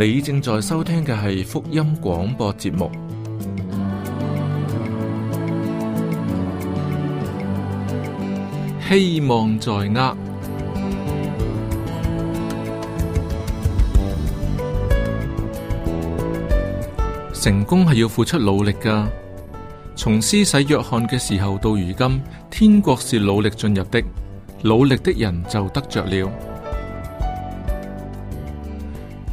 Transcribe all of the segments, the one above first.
你正在收聽嘅係福音廣播節目，希望在握。成功係要付出努力㗎。從施洗約翰嘅時候到如今，天國是努力進入的，努力的人就得着了。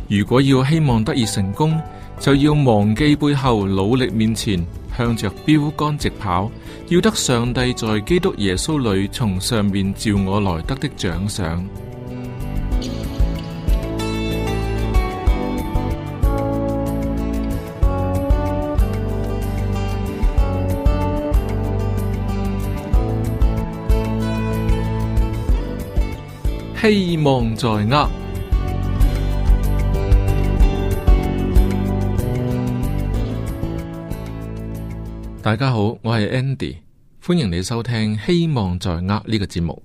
如果要希望得以成功，就要忘記背後，努力面前，向着標杆直跑。要得上帝在基督耶穌裏從上面召我來得的獎賞。 希望在握。大家好，我係 Andy，歡迎你收聽《希望在握》呢個節目。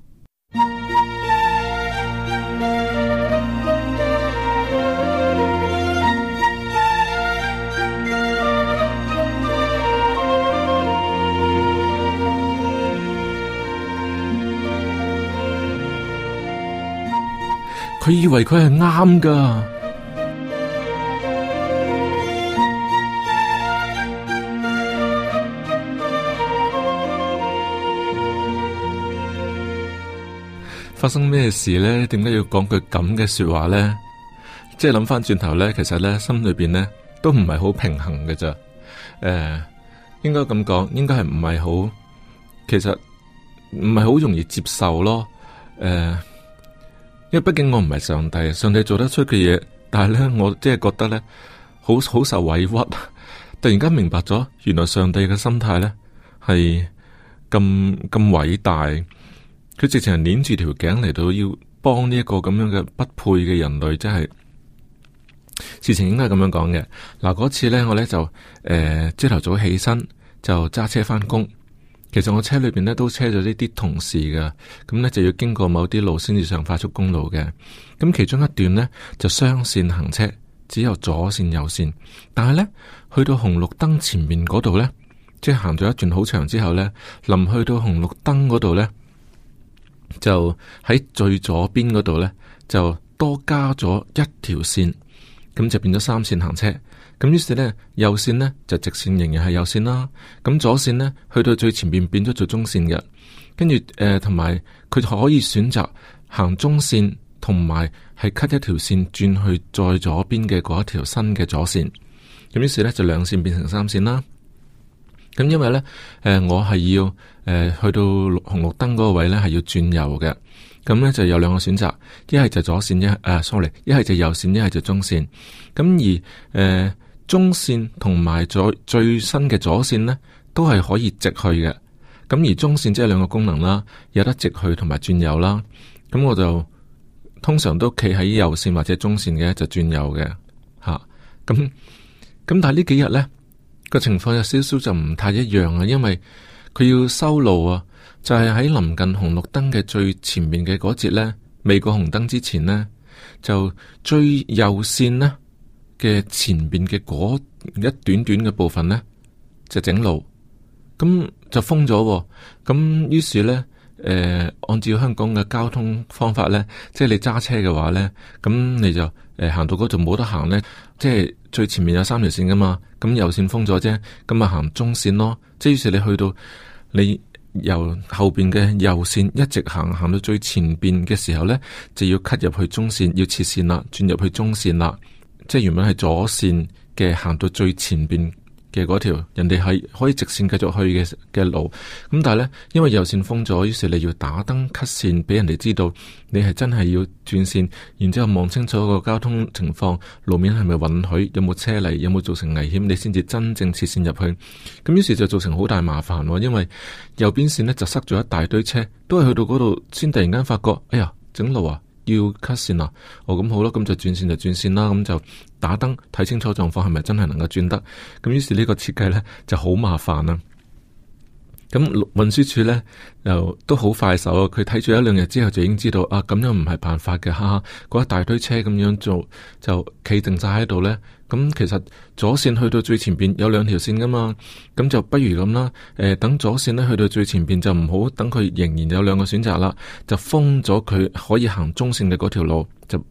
佢以為佢係啱噶。發生咩事呢？點解要講句咁嘅說話呢？即係諗翻轉頭呢，其實呢，心裏邊呢都唔係好平衡嘅啫。誒、呃，應該咁講，應該係唔係好，其實唔係好容易接受咯。誒、呃，因為畢竟我唔係上帝，上帝做得出嘅嘢，但係呢，我即係覺得呢，好好受委屈。突然間明白咗，原來上帝嘅心態呢係咁咁偉大。佢直情係捻住條頸嚟到要幫呢一個咁樣嘅不配嘅人類，即係事情應該係咁樣講嘅。嗱，嗰次呢，我呢就誒朝頭早起身就揸車返工。其實我車裏邊呢都車咗呢啲同事㗎，咁、嗯、呢，就要經過某啲路先至上快速公路嘅。咁、嗯、其中一段呢，就雙線行車，只有左線右線。但係呢，去到紅綠燈前面嗰度呢，即係行咗一段好長之後呢，臨去到紅綠燈嗰度呢。就喺最左邊嗰度呢，就多加咗一條線，咁就變咗三線行車。咁於是呢，右線呢就直線仍然係右線啦。咁左線呢，去到最前面變咗做中線嘅，跟住誒同埋佢可以選擇行中線，同埋係 cut 一條線轉去再左邊嘅嗰一條新嘅左線。咁於是呢，就兩線變成三線啦。咁因為呢，誒、呃、我係要。誒、呃，去到紅綠燈嗰個位呢，係要轉右嘅。咁呢就有兩個選擇，一係就左線一誒，sorry，一係就右線，一係就中線。咁而誒、呃、中線同埋左最新嘅左線呢，都係可以直去嘅。咁而中線即係兩個功能啦，有得直去同埋轉右啦。咁我就通常都企喺右線或者中線嘅就轉右嘅吓。咁、啊、咁但係呢幾日呢，個情況有少少就唔太一樣啊，因為。佢要修路啊，就係喺臨近紅綠燈嘅最前面嘅嗰節呢，未過紅燈之前呢，就最右線呢嘅前面嘅嗰一段短短嘅部分呢，就整路，咁就封咗、啊。咁於是呢，誒、呃，按照香港嘅交通方法呢，即係你揸車嘅話呢，咁你就誒、呃、行到嗰度冇得行呢，即係最前面有三條線噶嘛，咁右線封咗啫，咁啊行中線咯。即係，於是你去到你由後邊嘅右線一直行，行到最前邊嘅時候咧，就要 cut 入去中線，要切線啦，轉入去中線啦。即係原本係左線嘅行到最前邊。嘅嗰條人哋係可以直線繼續去嘅嘅路，咁但係呢，因為右線封咗，於是你要打燈、cut 線，俾人哋知道你係真係要轉線，然之後望清楚個交通情況，路面係咪允許，有冇車嚟，有冇造成危險，你先至真正切線入去。咁於是就造成好大麻煩，因為右邊線呢就塞咗一大堆車，都係去到嗰度先突然間發覺，哎呀，整路啊！要 cut 線啊！哦，咁好咯，咁就轉線就轉線啦，咁就打燈睇清楚狀況，係咪真係能夠轉得？咁於是呢個設計呢就好麻煩啦。咁運輸署呢，又都好快手啊，佢睇住一兩日之後就已經知道啊，咁樣唔係辦法嘅，哈哈！嗰一大堆車咁樣做就企定晒喺度呢。咁其實左線去到最前邊有兩條線噶嘛，咁就不如咁啦。誒、呃，等左線呢去到最前邊就唔好等佢，仍然有兩個選擇啦，就封咗佢可以行中線嘅嗰條路，就攞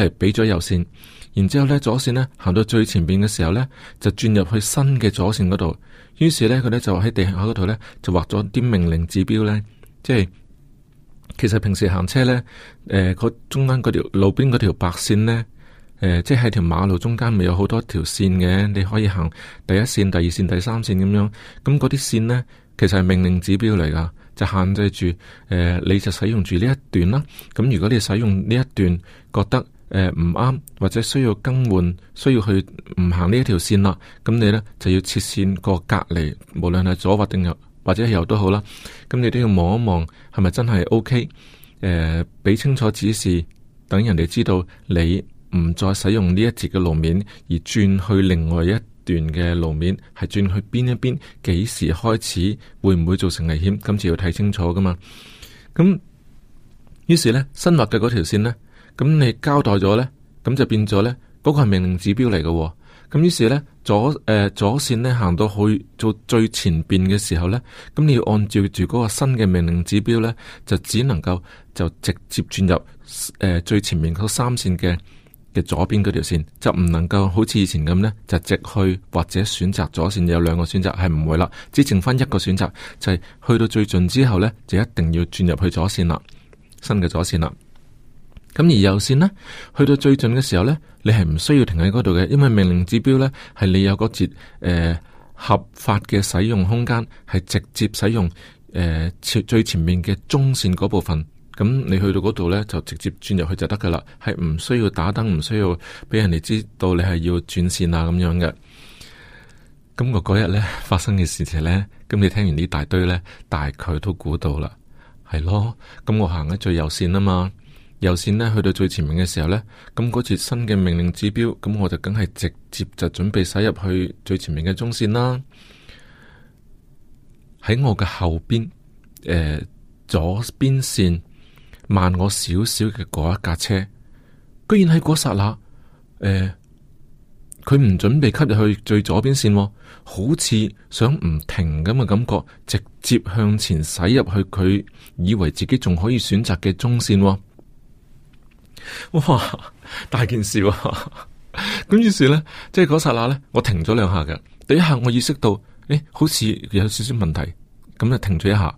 嚟畀咗右線。然之後呢，左線呢行到最前邊嘅時候呢，就轉入去新嘅左線嗰度。於是呢，佢呢就喺地下嗰度呢，就畫咗啲命令指標呢。即係其實平時行車呢，誒、呃，中間嗰條路邊嗰條白線呢。誒、呃，即係喺條馬路中間，咪有好多條線嘅，你可以行第一線、第二線、第三線咁樣。咁嗰啲線呢，其實係命令指標嚟噶，就限制住誒、呃，你就使用住呢一段啦。咁、嗯、如果你使用呢一段覺得誒唔啱，或者需要更換，需要去唔行呢一條線啦，咁、嗯、你呢，就要切線過隔離，無論係左或定右，或者係右都好啦。咁、嗯、你都要望一望係咪真係 OK？誒，俾清楚指示，等人哋知道你。唔再使用呢一節嘅路面，而轉去另外一段嘅路面，係轉去邊一邊？幾時開始會唔會造成危險？今次要睇清楚噶嘛？咁於是呢，新劃嘅嗰條線呢，咁你交代咗呢，咁就變咗呢，嗰、那個係命令指標嚟嘅。咁於是呢，左誒、呃、左線呢行到去做最前邊嘅時候呢，咁你要按照住嗰個新嘅命令指標呢，就只能夠就直接轉入誒、呃、最前面嗰三線嘅嘅左邊嗰條線就唔能夠好似以前咁呢，就直去或者選擇左線，有兩個選擇係唔會啦，只剩翻一個選擇，就係、是、去到最盡之後呢，就一定要轉入去左線啦，新嘅左線啦。咁而右線呢，去到最盡嘅時候呢，你係唔需要停喺嗰度嘅，因為命令指標呢，係你有個節誒、呃、合法嘅使用空間，係直接使用誒、呃、最前面嘅中線嗰部分。咁你去到嗰度呢，就直接轉入去就得噶啦，係唔需要打燈，唔需要俾人哋知道你係要轉線啊，咁樣嘅。咁我嗰日呢，發生嘅事情呢，咁你聽完呢大堆呢，大概都估到啦，係咯。咁我行喺最右線啊嘛，右線呢，去到最前面嘅時候呢，咁嗰次新嘅命令指標，咁我就梗係直接就準備駛入去最前面嘅中線啦。喺我嘅後邊，誒，左邊線。慢我少少嘅嗰一架車，居然喺嗰剎那，誒、欸，佢唔準備吸入去最左邊線喎，好似想唔停咁嘅感覺，直接向前駛入去佢以為自己仲可以選擇嘅中線喎。哇，大件事喎！咁 於是呢，即係嗰剎那呢，我停咗兩下嘅，第一下我意識到，誒、欸，好似有少少問題，咁就停咗一下，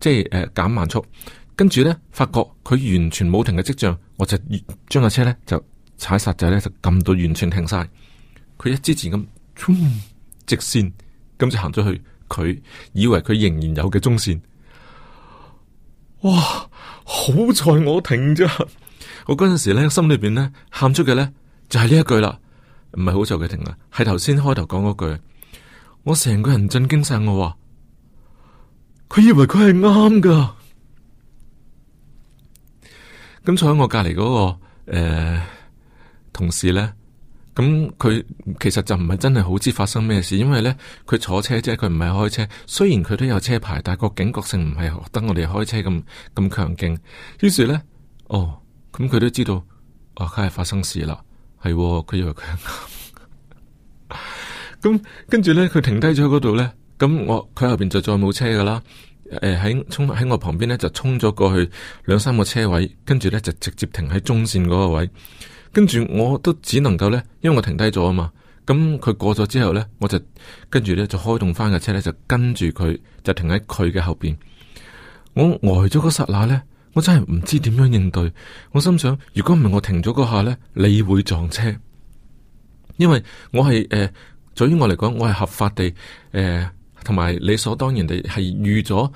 即係誒減慢速。跟住呢，發覺佢完全冇停嘅跡象，我就將架車呢就踩煞掣，呢就撳到完全停晒。佢一支箭咁，直線咁就行咗去。佢以為佢仍然有嘅中線，哇！好彩我停咗。我嗰陣時呢，心裏邊呢喊，出嘅呢就係、是、呢一句啦，唔係好彩嘅停啦。係頭先開頭講嗰句，我成個人震驚晒。我話佢以為佢係啱噶。咁坐喺我隔籬嗰個誒、呃、同事呢，咁佢其實就唔係真係好知發生咩事，因為呢，佢坐車啫，佢唔係開車。雖然佢都有車牌，但係個警覺性唔係得我哋開車咁咁強勁。於是呢，哦，咁佢都知道，哦，梗係發生事啦，係、哦，佢以為佢，咁 跟住呢，佢停低咗喺嗰度呢，咁我佢後邊就再冇車噶啦。誒，喺衝喺我旁邊呢，就衝咗過去兩三個車位，跟住呢就直接停喺中線嗰個位，跟住我都只能夠呢，因為我停低咗啊嘛，咁佢過咗之後呢，我就跟住呢就開動翻架車呢，就跟住佢就停喺佢嘅後邊。我呆咗嗰剎那個呢，我真係唔知點樣應對。我心想，如果唔係我停咗嗰下呢，你會撞車，因為我係誒，就、呃、對於我嚟講，我係合法地誒。呃同埋理所當然地係預咗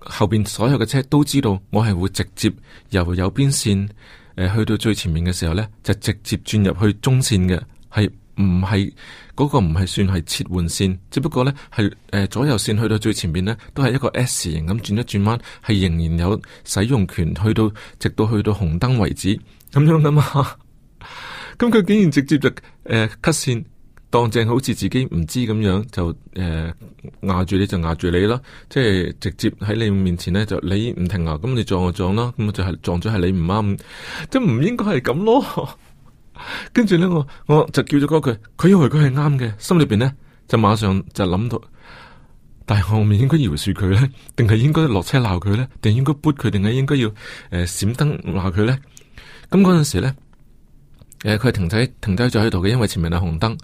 後邊所有嘅車都知道，我係會直接由右邊線、呃、去到最前面嘅時候呢，就直接轉入去中線嘅，係唔係嗰個唔係算係切換線？只不過呢係、呃、左右線去到最前面呢，都係一個 S 型咁轉一轉彎，係仍然有使用權去到直到去到紅燈為止咁樣噶嘛？咁 佢竟然直接就誒 cut、呃、線。當正好似自己唔知咁樣，就誒、壓、呃、住你就壓住你啦，即係直接喺你面前呢，就你唔停啊，咁你撞我撞啦，咁就係撞咗係你唔啱，即係唔應該係咁咯。跟住咧，我我就叫咗嗰句，佢以為佢係啱嘅，心裏邊呢，就馬上就諗到，但係我唔應該饒恕佢呢，定係應該落車鬧佢呢？定係應該撥佢，定係應該要誒閃燈鬧佢呢？咁嗰陣時呢。誒，佢係、呃、停低停低咗喺度嘅，因為前面係紅燈。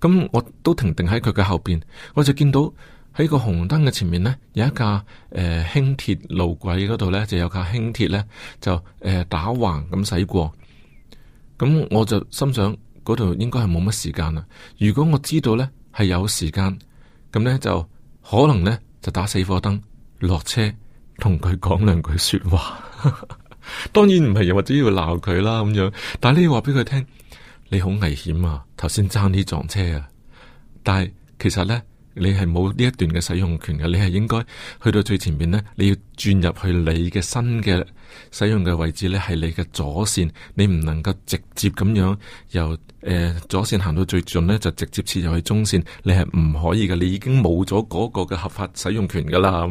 咁我都停定喺佢嘅後邊，我就見到喺個紅燈嘅前面呢，有一架誒輕鐵路軌嗰度呢，就有架輕鐵呢，就誒、呃、打橫咁駛過。咁我就心想，嗰度應該係冇乜時間啦。如果我知道呢係有時間，咁呢，就可能呢就打死火燈落車，同佢講兩句說話。 當然唔係又或者要鬧佢啦咁樣，但係你要話俾佢聽，你好危險啊！頭先爭啲撞車啊，但係其實呢，你係冇呢一段嘅使用權嘅，你係應該去到最前面呢，你要轉入去你嘅新嘅使用嘅位置呢，係你嘅左線，你唔能夠直接咁樣由誒、呃、左線行到最盡呢，就直接切入去中線，你係唔可以嘅，你已經冇咗嗰個嘅合法使用權噶啦。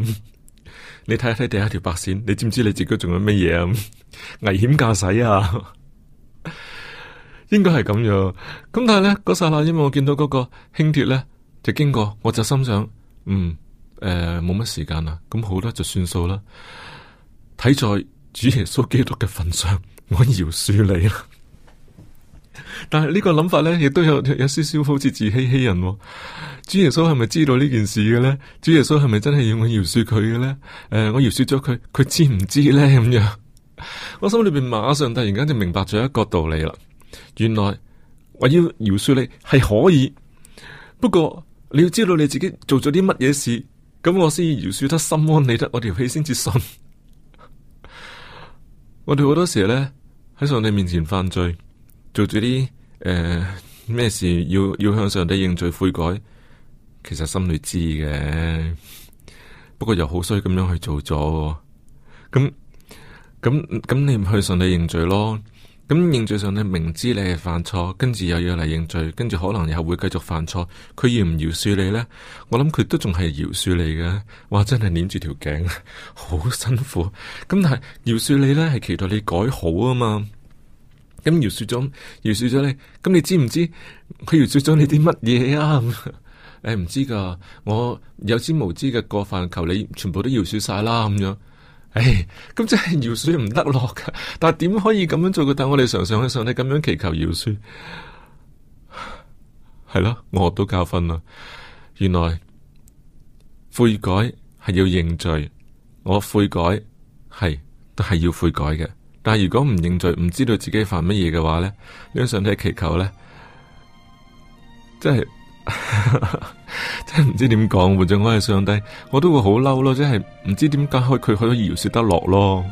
你睇一睇第一條白線，你知唔知你自己仲有乜嘢 啊？危險駕駛啊，應該係咁樣。咁但係咧，嗰刹那因為我見到嗰個輕鐵咧就經過，我就心想，嗯，誒、呃，冇乜時間啦，咁好啦，就算數啦。睇在主耶穌基督嘅份上，我饒恕你啦。 但係呢個諗法咧，亦都有有少少好似自欺欺人，哦。主耶穌係咪知道呢件事嘅咧？主耶穌係咪真係要我饒恕佢嘅咧？誒、呃，我饒恕咗佢，佢知唔知咧？咁樣，我心裏面馬上突然間就明白咗一個道理啦。原來我要饒恕你係可以，不過你要知道你自己做咗啲乜嘢事，咁我先饒恕得心安理得。我條氣先至信， 我哋好多時咧，喺上帝面前犯罪。做住啲誒咩事要，要要向上帝認罪悔改，其實心裏知嘅，不過又好衰咁樣去做咗。咁咁咁，你唔去上帝認罪咯？咁認罪，上帝明知你係犯錯，跟住又要嚟認罪，跟住可能又會繼續犯錯。佢要唔饒恕你呢？我諗佢都仲係饒恕你嘅。哇，真係捻住條頸， 好辛苦。咁但係饒恕你呢，係期待你改好啊嘛。咁饒恕咗，饒恕咗你，咁你知唔知佢饒恕咗你啲乜嘢啊？誒、 哎，唔知噶，我有知無知嘅過犯，求你全部都饒恕晒啦，咁樣。唉、哎，咁真係饒恕唔得落噶。但係點可以咁樣做嘅？但係我哋常常喺上帝咁樣祈求饒恕，係 咯，我都教訓啦。原來悔改係要認罪，我悔改係都係要悔改嘅。但係如果唔認罪，唔知道自己犯乜嘢嘅話咧，呢、這個上帝祈求咧，真係 真係唔知點講。換轉我係上帝，我都會好嬲咯，即係唔知點解佢佢可以饒恕得落咯。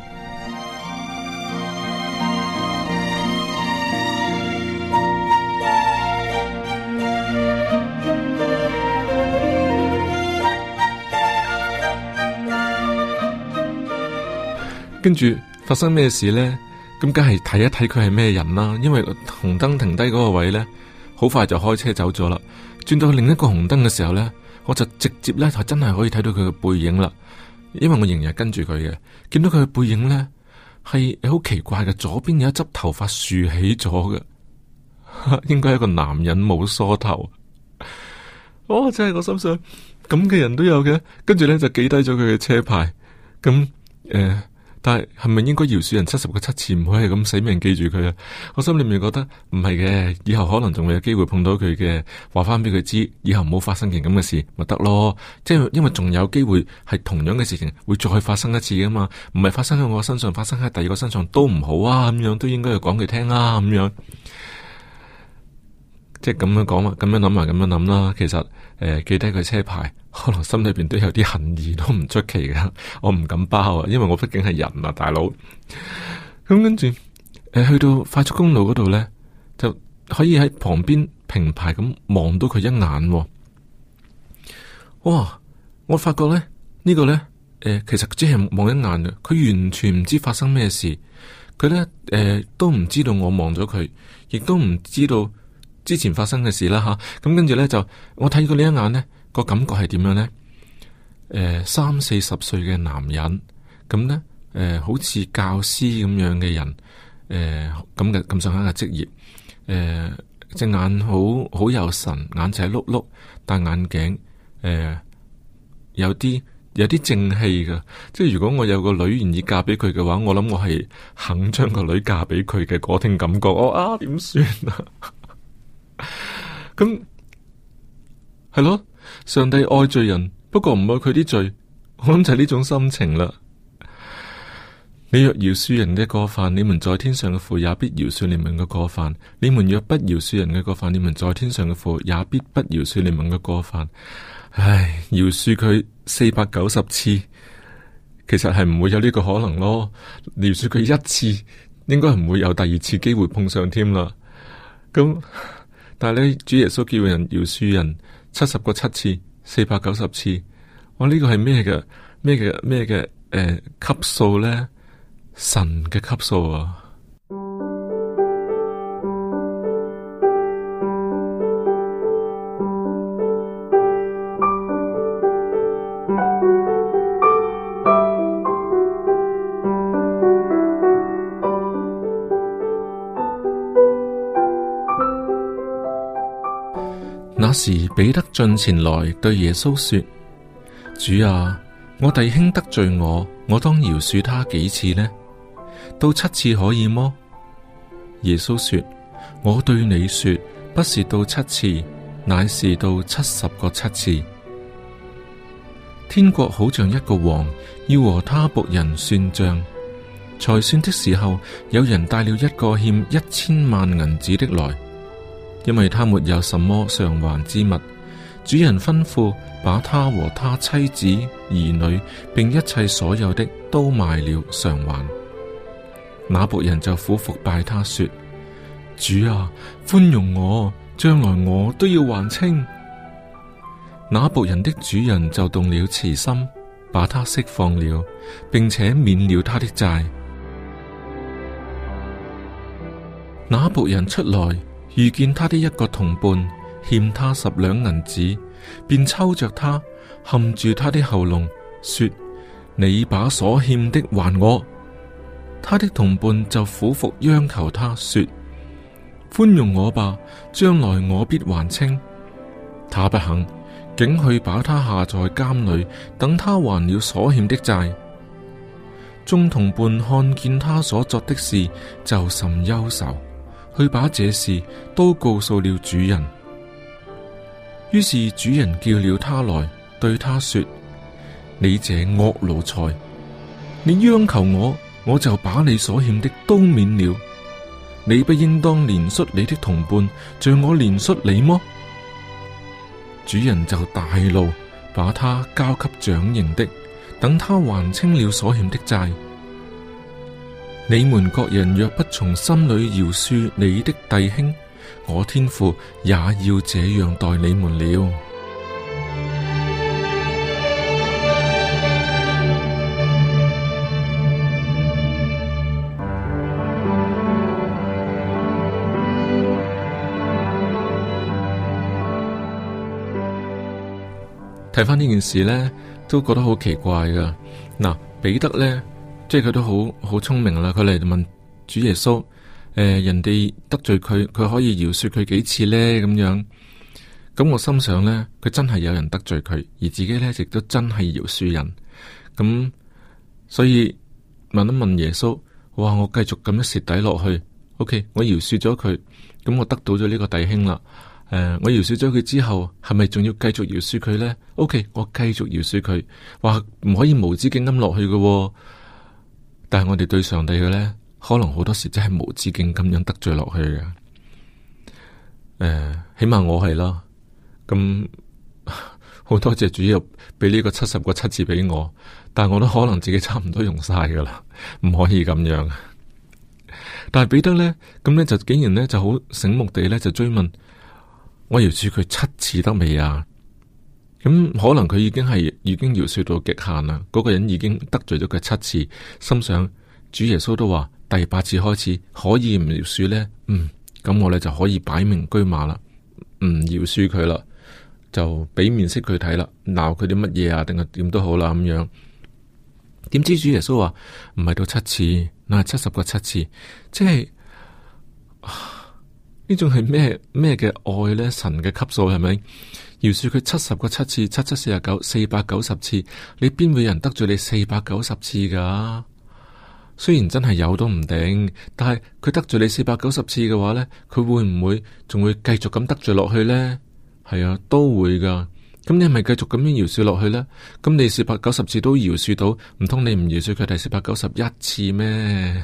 跟住。發生咩事呢？咁梗係睇一睇佢係咩人啦。因為紅燈停低嗰個位呢，好快就開車走咗啦。轉到另一個紅燈嘅時候呢，我就直接呢，就真係可以睇到佢嘅背影啦。因為我仍然係跟住佢嘅，見到佢嘅背影呢，係好奇怪嘅，左邊有一執頭髮豎起咗嘅， 應該係一個男人冇梳頭。哦，真係我心想咁嘅人都有嘅。跟住呢就記低咗佢嘅車牌。咁誒。呃但係係咪應該饒恕人七十個七次？唔可以係咁死命記住佢啊！我心裏面覺得唔係嘅，以後可能仲會有機會碰到佢嘅，話翻俾佢知，以後唔好發生件咁嘅事，咪得咯。即係因為仲有機會係同樣嘅事情會再去發生一次噶嘛？唔係發生喺我身上，發生喺第二個身上都唔好啊！咁樣都應該去講佢聽啦，咁樣即係咁樣講，咁樣諗啊，咁樣諗啦。其實。誒、呃，記低佢車牌，可能心裏邊都有啲恨意，都唔出奇噶。我唔敢包啊，因為我畢竟係人啊，大佬。咁 跟住，呃，去到快速公路嗰度呢，就可以喺旁邊平排咁望到佢一眼，哦。哇！我發覺呢、呢，呢個呢、呃，其實只係望一眼嘅，佢完全唔知發生咩事，佢呢，呃，都唔知道我望咗佢，亦都唔知道。之前發生嘅事啦吓，咁、啊、跟住呢，就我睇過呢一眼呢個感覺係點樣呢？誒、呃，三四十歲嘅男人，咁呢，誒、呃，好似教師咁樣嘅人，誒咁嘅咁上下嘅職業，誒、呃，隻眼好好有神，眼仔碌碌，戴眼鏡，誒、呃，有啲有啲正氣噶，即係如果我有個女願意嫁俾佢嘅話，我諗我係肯將個女嫁俾佢嘅嗰種感覺，我啊點算啊！ 咁係咯，上帝愛罪人，不過唔愛佢啲罪，我諗就係呢種心情啦。你若饒恕人嘅過犯，你們在天上嘅父也必饒恕你們嘅過犯；你們若不饒恕人嘅過犯，你們在天上嘅父也必不饒恕你們嘅過犯。唉，饒恕佢四百九十次，其實係唔會有呢個可能咯。饒恕佢一次，應該唔會有第二次機會碰上添啦。咁、嗯。但係咧，主耶穌叫人饒恕人七十個七次，四百九十次。哇，呢個係咩嘅？咩嘅？咩嘅？誒、呃，級數咧？神嘅級數啊！那時，彼得進前來對耶穌說：主啊，我弟兄得罪我，我當饒恕他幾次呢？到七次可以麼？耶穌說：我對你說，不是到七次，乃是到七十個七次。天國好像一個王，要和他僕人算賬。才算的時候，有人帶了一個欠一千萬銀子的來。因為他沒有什麼償還之物，主人吩咐把他和他妻子、兒女並一切所有的都賣了償還。那僕人就俯伏拜他說：主啊，寬容我，將來我都要還清。那僕人的主人就動了慈心，把他釋放了，並且免了他的債。那僕人出來。遇見他的一個同伴欠他十兩銀子，便揪着他，掐住他的喉嚨，說：你把所欠的還我。他的同伴就俯伏央求他說：寬容我吧，將來我必還清。他不肯，竟去把他下在監裏，等他還了所欠的債。眾同伴看見他所作的事，就甚憂愁。去把這事都告訴了主人，於是主人叫了他來，對他說：你這惡奴才，你央求我，我就把你所欠的都免了。你不應當憐恤你的同伴像我憐恤你麼？主人就大怒，把他交給掌刑的，等他還清了所欠的債。你們各人若不從心裏饒恕你的弟兄，我天父也要這樣待你們了。睇返呢件事呢，都覺得好奇怪㗎。嗱，彼得呢。即係佢都好好聰明啦。佢嚟問主耶穌，誒、呃，人哋得罪佢，佢可以饒恕佢幾次呢？咁樣咁，我心想呢，佢真係有人得罪佢，而自己呢，亦都真係饒恕人。咁、嗯、所以問一問耶穌，哇，我繼續咁樣蝕底落去，OK，我饒恕咗佢，咁我得到咗呢個弟兄啦。誒、呃，我饒恕咗佢之後，係咪仲要繼續饒恕佢呢？OK，我繼續饒恕佢，話唔可以無止境咁落去噶、哦。但係我哋對上帝嘅，咧，可能好多時真係無止境咁樣得罪落去嘅。誒、呃，起碼我係咯，咁好多謝主入俾呢個七十個七次畀我，但係我都可能自己差唔多用晒噶啦，唔可以咁樣。但係彼得咧，咁咧就竟然咧就好醒目地咧就追問，我饒恕佢七次得未啊？咁、嗯、可能佢已經係已經饒恕到極限啦，嗰、嗰個人已經得罪咗佢七次，心想主耶穌都話第八次開始可以唔饒恕呢？嗯，咁我哋就可以擺明車馬啦，唔饒恕佢啦，就俾面色佢睇啦，鬧佢啲乜嘢啊，定係點都好啦、啊、咁樣。點知主耶穌話唔係到七次，嗱七十個七次，即係呢種係咩咩嘅愛呢？神嘅級數係咪？饒恕佢七十個七次，七七四十九，四百九十次，你邊會有人得罪你四百九十次噶？雖然真係有都唔定，但係佢得罪你四百九十次嘅話呢，佢會唔會仲會繼續咁得罪落去呢？係啊，都會噶。咁你咪繼續咁樣饒恕落去呢？咁你四百九十次都饒恕到，唔通你唔饒恕佢第四百九十一次咩？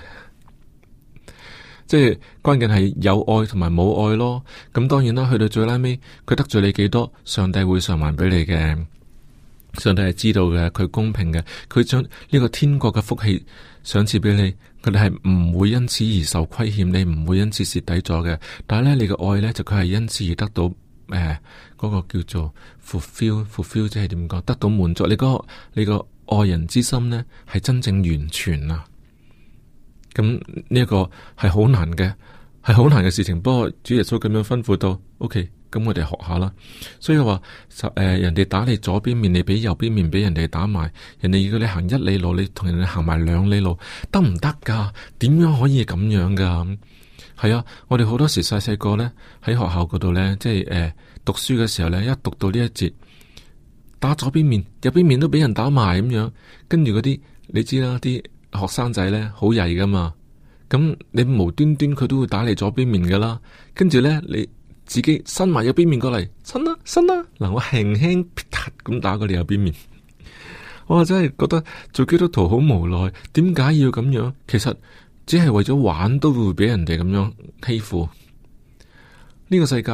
即係關鍵係有愛同埋冇愛咯，咁當然啦，去到最拉尾，佢得罪你幾多，上帝會償還俾你嘅。上帝係知道嘅，佢公平嘅，佢將呢個天國嘅福氣賞賜俾你，佢哋係唔會因此而受虧欠，你唔會因此蝕底咗嘅。但係呢，你嘅愛呢，就佢係因此而得到，誒、呃，嗰、那個叫做 fulfill，fulfill 即係點講，得到滿足，你、那個你個愛人之心呢，係真正完全啊。咁呢一個係好難嘅，係好難嘅事情。不過主耶穌咁樣吩咐到，OK，咁我哋學下啦。所以話，誒、呃，人哋打你左邊面，你俾右邊面俾人哋打埋，人哋要你行一里路，你同人哋行埋兩里路，得唔得噶？點樣可以咁樣噶？係、嗯、啊，我哋好多時細細個呢喺學校嗰度呢，即係誒、呃、讀書嘅時候呢，一讀到呢一節打左邊面，右邊面都俾人打埋咁樣，跟住嗰啲你知啦啲。學生仔咧好曳噶嘛，咁你無端端佢都會打你左邊面噶啦，跟住咧你自己伸埋右邊面過嚟，伸啦伸啦，嗱我輕輕咁打過你右邊面， 我真係覺得做基督徒好無奈，點解要咁樣？其實只係為咗玩都會俾人哋咁樣欺負，呢、這個世界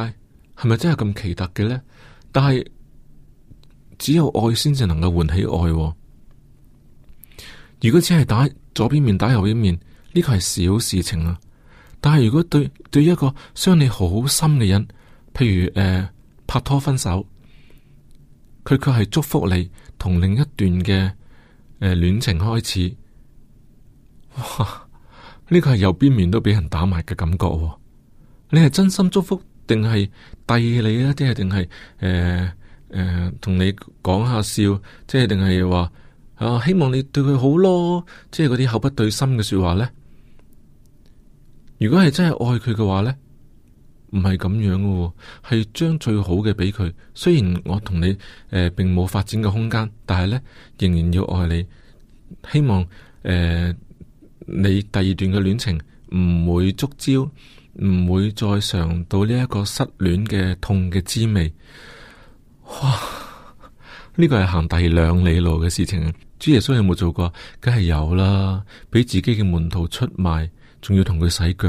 係咪真係咁奇特嘅咧？但係只有愛先至能夠喚起愛、哦。如果只係打左邊面，打右邊面，呢個係小事情啊。但係如果對對一個傷你好深嘅人，譬如誒、呃、拍拖分手，佢卻係祝福你同另一段嘅誒戀情開始，哇！呢個係右邊面都俾人打埋嘅感覺、啊。你係真心祝福定係遞你啊？即係定係誒誒同你講下笑，即係定係話？啊！希望你對佢好咯，即係嗰啲口不對心嘅說話呢。如果係真係愛佢嘅話呢，唔係咁樣噶、哦，係將最好嘅俾佢。雖然我同你誒、呃、並冇發展嘅空間，但係呢，仍然要愛你。希望誒、呃、你第二段嘅戀情唔會觸礁，唔會再嘗到呢一個失戀嘅痛嘅滋味。哇！呢個係行第二里路嘅事情啊！主耶穌有冇做過？梗係有啦！俾自己嘅門徒出賣，仲要同佢洗腳，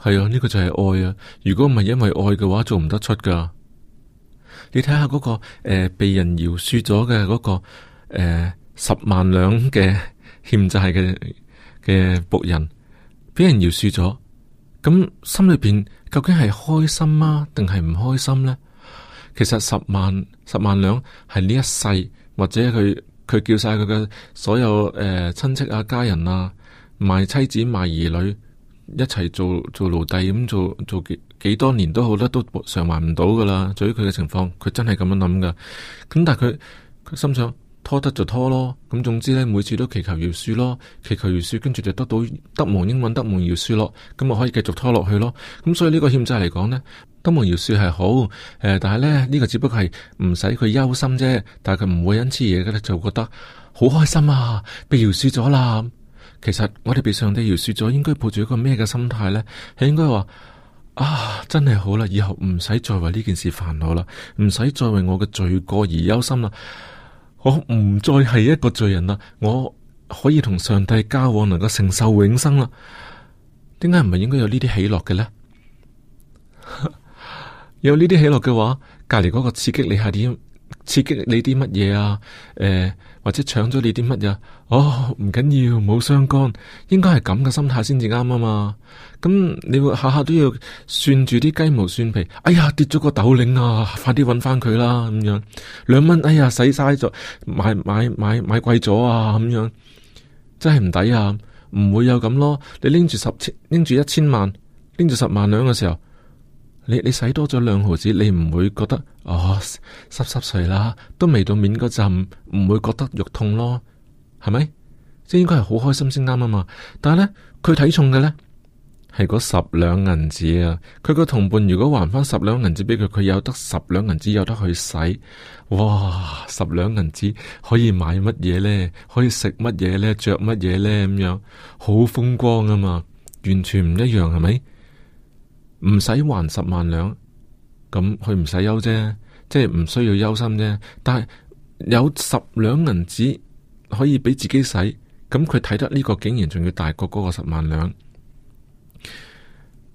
係啊！呢、這個就係愛啊！如果唔係因為愛嘅話，做唔得出噶。你睇下嗰個誒、呃，被人饒恕咗嘅嗰個誒、呃，十萬兩嘅 欠債嘅嘅僕人，俾人饒恕咗，咁心裏邊究竟係開心啊？定係唔開心呢？其實十萬、十萬兩係呢一世，或者佢佢叫晒佢嘅所有誒親、呃、戚啊、家人啊、賣妻子、賣兒女，一齊做做奴隸咁做做幾幾多年都好啦，都償還唔到噶啦。至於佢嘅情況，佢真係咁樣諗噶。咁但係佢佢心想。拖得就拖咯，咁總之呢，每次都祈求饒恕咯，祈求饒恕，跟住就得到得蒙應允，得蒙饒恕咯，咁啊可以繼續拖落去咯。咁、嗯、所以呢個欠債嚟講呢，得蒙饒恕係好，誒、呃，但係呢，呢、呢個只不過係唔使佢憂心啫，但係佢唔會因此啲嘢咧就覺得好開心啊，被饒恕咗啦。其實我哋被上帝饒恕咗，應該抱住一個咩嘅心態呢？係應該話啊，真係好啦，以後唔使再為呢件事煩惱啦，唔使再為我嘅罪過而憂心啦。我唔再係一個罪人啦，我可以同上帝交往，能夠承受永生啦。點解唔係應該有呢啲喜樂嘅呢？ 有呢啲喜樂嘅話，隔籬嗰個刺激你係點刺激你啲乜嘢啊？誒、呃，或者搶咗你啲乜嘢？哦，唔緊要，要，冇相干，應該係咁嘅心態先至啱啊嘛。咁你會下下都要算住啲雞毛蒜皮。哎呀，跌咗個斗零啊，快啲揾翻佢啦，咁樣兩蚊。哎呀，使晒咗，買買買買，買，買，買貴咗啊，咁樣真係唔抵啊。唔會有咁咯。你拎住十千，拎住一千萬，拎住十萬兩嘅時候，你你使多咗兩毫子，你唔會覺得哦濕濕碎啦，都未到面嗰陣，唔會覺得肉痛咯。係咪？即係應該係好開心先啱啊嘛！但係呢，佢睇重嘅呢，係嗰十兩銀子啊！佢個同伴如果還翻十兩銀子俾佢，佢有得十兩銀子，有得去使。哇！十兩銀子可以買乜嘢呢？可以食乜嘢呢？着乜嘢呢？咁樣好風光啊嘛！完全唔一樣，係咪？唔使還十萬兩，咁佢唔使憂啫，即係唔需要憂心啫。但係有十兩銀子。可以俾自己使，咁佢睇得呢個竟然仲要大過嗰個十萬兩，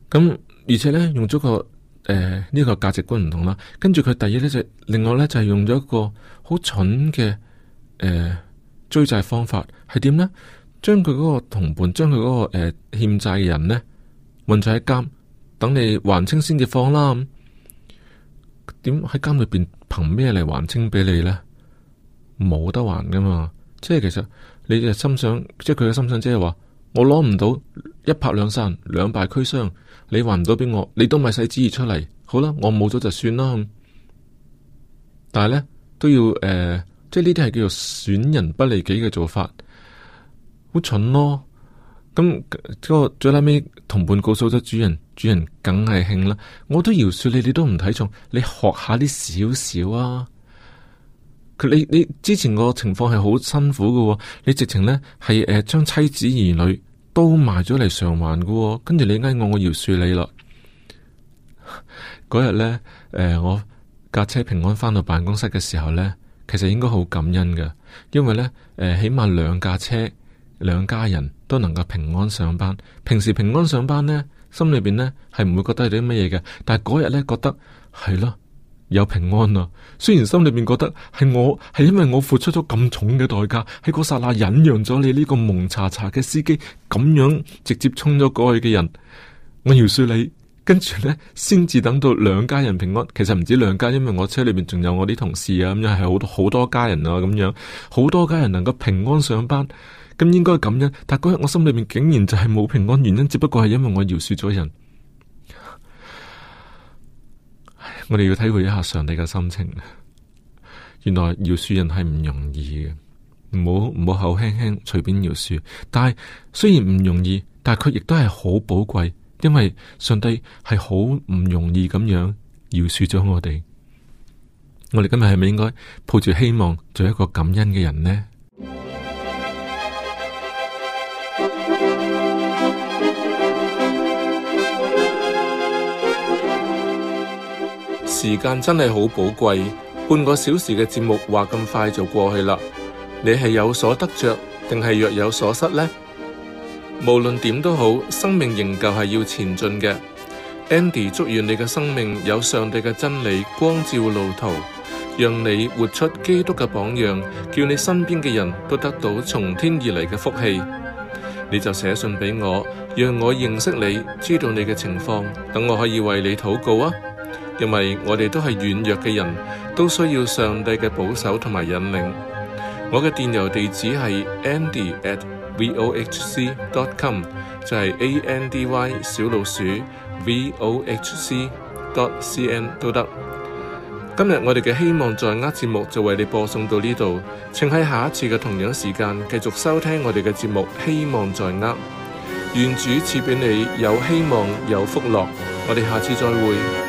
咁而且呢，用咗個誒呢、呃這個價值觀唔同啦。跟住佢第二呢就另外呢，就係、是、用咗一個好蠢嘅誒、呃、追債方法係點呢？將佢嗰個同伴，將佢嗰個誒、呃、欠債人呢，混咗喺監等你還清先至放啦。點喺監裏邊憑咩嚟還清俾你呢？冇得還㗎嘛？即係其實你嘅心想，即係佢嘅心想，即係話我攞唔到一拍兩散，兩敗俱傷，你還唔到俾我，你都咪使旨意出嚟，好啦，我冇咗就算啦、嗯。但係咧都要誒、呃，即係呢啲係叫做損人不利己嘅做法，好蠢咯。咁個最拉尾同伴告訴咗主人，主人梗係興啦，我都饒恕你，你都唔睇重，你學一下啲少少啊。你你之前個情況係好辛苦噶、哦，你直情呢係誒將妻子兒女都賣咗嚟，償還噶、哦，跟住你挨我我饒恕你咯。嗰 日呢，誒、呃，我架車平安翻到辦公室嘅時候呢，其實應該好感恩噶，因為呢，誒、呃、起碼兩架車兩家人都能夠平安上班。平時平安上班呢，心裏邊呢係唔會覺得有啲乜嘢嘅，但係嗰日呢覺得係咯。有平安啊，雖然心裏面覺得係我係因為我付出咗咁重嘅代價，喺嗰剎那忍讓咗你呢個蒙查查嘅司機，咁樣直接衝咗過去嘅人，我饒恕你，跟住呢先至等到兩家人平安。其實唔止兩家，因為我車裏面仲有我啲同事啊，咁樣係好多好多家人啊，咁樣好多家人能夠平安上班，咁應該咁樣。但嗰日我心裏面竟然就係冇平安，原因只不過係因為我饒恕咗人。我哋要體會一下上帝嘅心情，原來饒恕人係唔容易嘅，唔好唔好口輕輕隨便饒恕。但係雖然唔容易，但係佢亦都係好寶貴，因為上帝係好唔容易咁樣饒恕咗我哋。我哋今日係咪應該抱住希望，做一個感恩嘅人呢？時間真係好寶貴，半個小時嘅節目話咁快就過去啦。你係有所得着，定係若有所失呢？無論點都好，生命仍舊係要前進嘅。Andy，祝願你嘅生命有上帝嘅真理、光照路途，讓你活出基督嘅榜樣，叫你身邊嘅人都得到從天而嚟嘅福氣。你就寫信俾我，讓我認識你，知道你嘅情況，等我可以為你禱告啊！因為我哋都係軟弱嘅人，都需要上帝嘅保守同埋引領。我嘅電郵地址係 andy at vohc dot com，就係 a n d y 小老鼠 vohc dot c n 都得。今日我哋嘅希望在握節目就為你播送到呢度。請喺下一次嘅同樣時間繼續收聽我哋嘅節目。希望在握，願主賜畀你有希望有福樂。我哋下次再會。